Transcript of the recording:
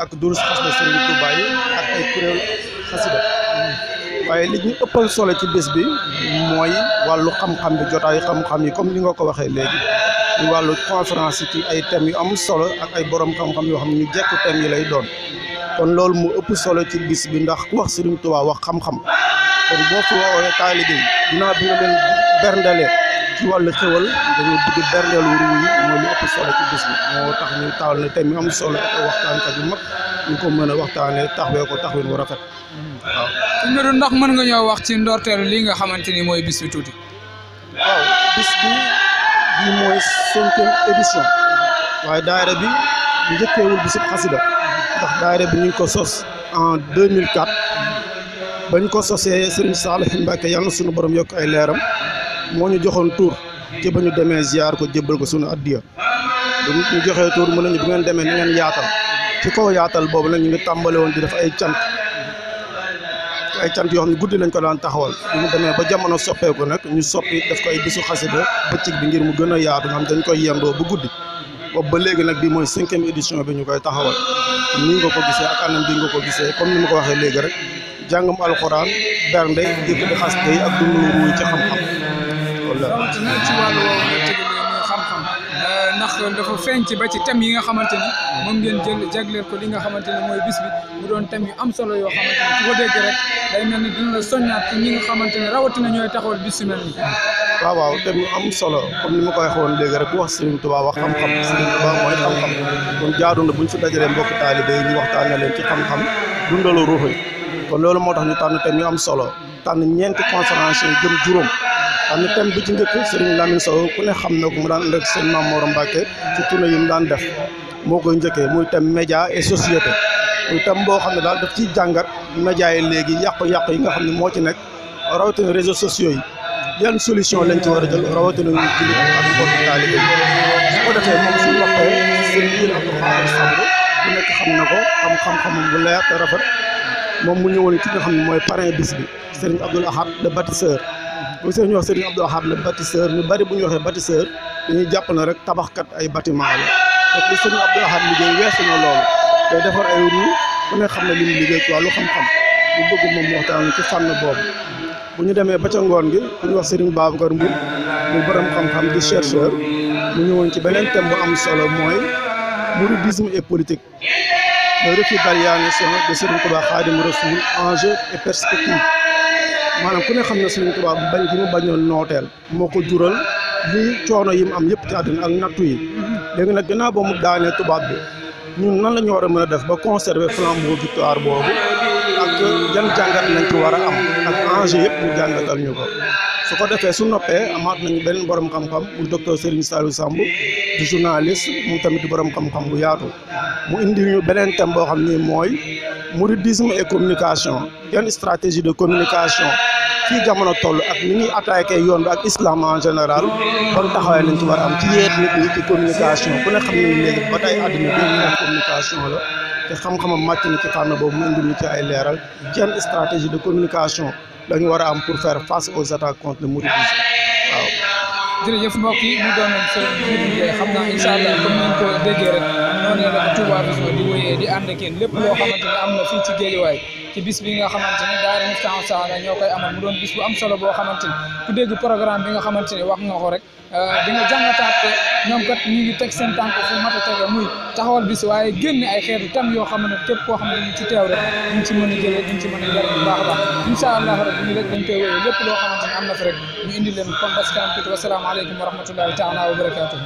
ak durus xasida Serigne Touba yi ak ay kuréel xasida waaye li ñu ëppal solo ci bés bi mooy wàllu xam-xam bi jotaayu xam-xam yi comme ni nga ko waxee léegi ñu wàllu conference yi ci ay thèmes yu am solo ak ay borom xam-xam yoo xam ne ñu jekku thèmes yi lay doon kon loolu mu ëpp solo ci bis bi ndax ku wax Serigne Touba wax xam-xam kon boo fi woowee taalibe yi dinaa bi nga leen berndalee ci wàllu xéwal dañu bëgg berndeel wurwu yi mooy lu ëpp solo ci bis moo tax ñu taawal ne thème mi am solo ak waxtaankat yu mag ñu ko mën a waxtaanee taxawee ko taxawin wu rafet waaw suñ la ndax mën nga ñoo wax ci ndorteelu lii nga xamante ni mooy bis tuuti waaw bis bi bi mooy cinquième édition waaye daayira bi njëkkeewul bisub xasida ndax daayira bi ñu ko sos en 2004 bañ ko sosee Serigne Salih Mbacke yàlla na suñu borom yokk ay leeram moo ñu joxoon tur ci ba ñu demee ziar ko jëbbal ko sunu addiya bu ñu joxee tur mu nañu bu ngeen demee ni ngeen yaatal ci kaw yaatal boobu nag ñu ngi tàmbale woon di def ay cant ay cant yoo xam ne guddi lañ ko daan taxawal bu demee ba jamono soppeeku nag ñu soppi daf koy bisu xasida bëccëg bi ngir mu gën a yaatu nga xam dañ koy yendoo bu guddi boobu ba léegi nag bi mooy cinquième édition bi ñu koy taxawal nii nga ko gisee ak anam bi nga ko gisee comme ni ma ko waxee léegi rek jàngam alxuraan bernde yëkkati xasida yi ak dundu la rawatina ci wàllu woowu nga xam-xam euh, ndax dafa feeñ ci ba ci thème yi nga xamante ni moom ngeen jël jagleel ko li nga xamante ni mooy bis bi mu doon thème am solo yoo xamante ni ko dégg rek day mel ni dina la waaw waaw am solo comme ni ma ko waxee woon léegi rek wax wax xam-xam Serigne Touba mooy xam na buñ fi dajalee mbokk taalibe yi ñu waxtaanee leen ci xam-xam loolu moo tax ñu tànn thème yu am solo tànn ñeenti conférence yi jëm juróom xam ne thème bi ci njëkk Serigne Lamine Sow ku ne xam na ko mu daan ànd ak seen Maam Mor Mbacke ci tournée yi mu daan def moo koy njëkkee muy thème média et société muy thème boo xam ne daal def ci jàngat média yi léegi yàqu-yàqu yi nga xam ne moo ci nekk rawatina réseaux sociaux yi yan solution lañ ci war a jël rawatina ñu jullit ak mbokk su ko defee moom suñu waxtee seen biir Abdou Khadre Samb bu xam na ko xam xam-xamam bu leer rafet moom mu ñëwoon ci nga xam ne mooy parrain bis bi Serigne Abdoul bu sëñ ñu wax sëriñ Abdou Ahad la bâtisseur ñu bari bu ñu waxee bâtisseur dañuy jàpp na rek tabaxkat ay bâtiment la te li sëñ Abdou Ahad liggéey weesu na loolu day defar ay ruu ku xam ne li mu liggéey ci wàllu xam-xam bu bëgg moom waxtaan ci fànn boobu bu ñu demee ba ca ngoon gi ku ñu wax sëriñ Babacar Mbour mu borom xam-xam di chercheur mu ñëwoon ci beneen thème bu am solo mooy mouridisme et politique mooy refus d'alliance de Sëriñ Tuubaa Xaadimu Rasuul enjeux et perspectives maanaam ku ne xam ne Sëriñ Tuubaa bañ gi mu bañoon nooteel moo ko jural lii coono yi mu am yëpp ci àdduna ak nattu yi léegi nag gannaaw ba mu daanee tubaab bi ñun nan la war a mën a def ba conserver flambeau victoire boobu ak yan jàngat lañ ci war a am ak enjeu yëpp ñu jàngatal ñu ko su ko defee su noppee amaat nañu beneen borom xam-xam bu docteur Serigne Saliou Samb di journaliste mu tamit di borom xam-xam bu yaatu mu indi ñu beneen thème boo xam ni mooy mouridisme et communication yan stratégie de communication fii jamono toll ak ni ñuy attaqué yoon bi ak islam en général kon taxawee lañ ci war a am ci yeet nit ñi ci communication ku ne xam ne léegi ba tey àdduna bi ñu communication la te xam-xamam màcc na ci fànn boobu mu ci ay leeral yan stratégie de communication la ñu war a am pour faire face aux attaques contre le mouridisme jërëjëf mbokk yi mu doon seen xam naa incha allah comme la Touba Vision di wéyee di ànd ak lépp loo xamante am na fii ci géejuwaay ci bis bi nga xamante ne daara Miftahul Sahada ñoo koy am mu doon bis bu am solo boo xamante ne ku dégg programme bi nga xamante ne wax nga ko rek euh, di nga jàngataat ko ñoom kat ñu ngi teg seen tànk fu mat a tege muy taxawal bis waaye génne ay xeetu tam yoo xam ne képp koo xam ne ñu ci teew rek ñu a a jëlee a am na fi rek ñu indi leen comme baskan asalaamaaleykum wa rahmatullahi taala wa barakaatuhu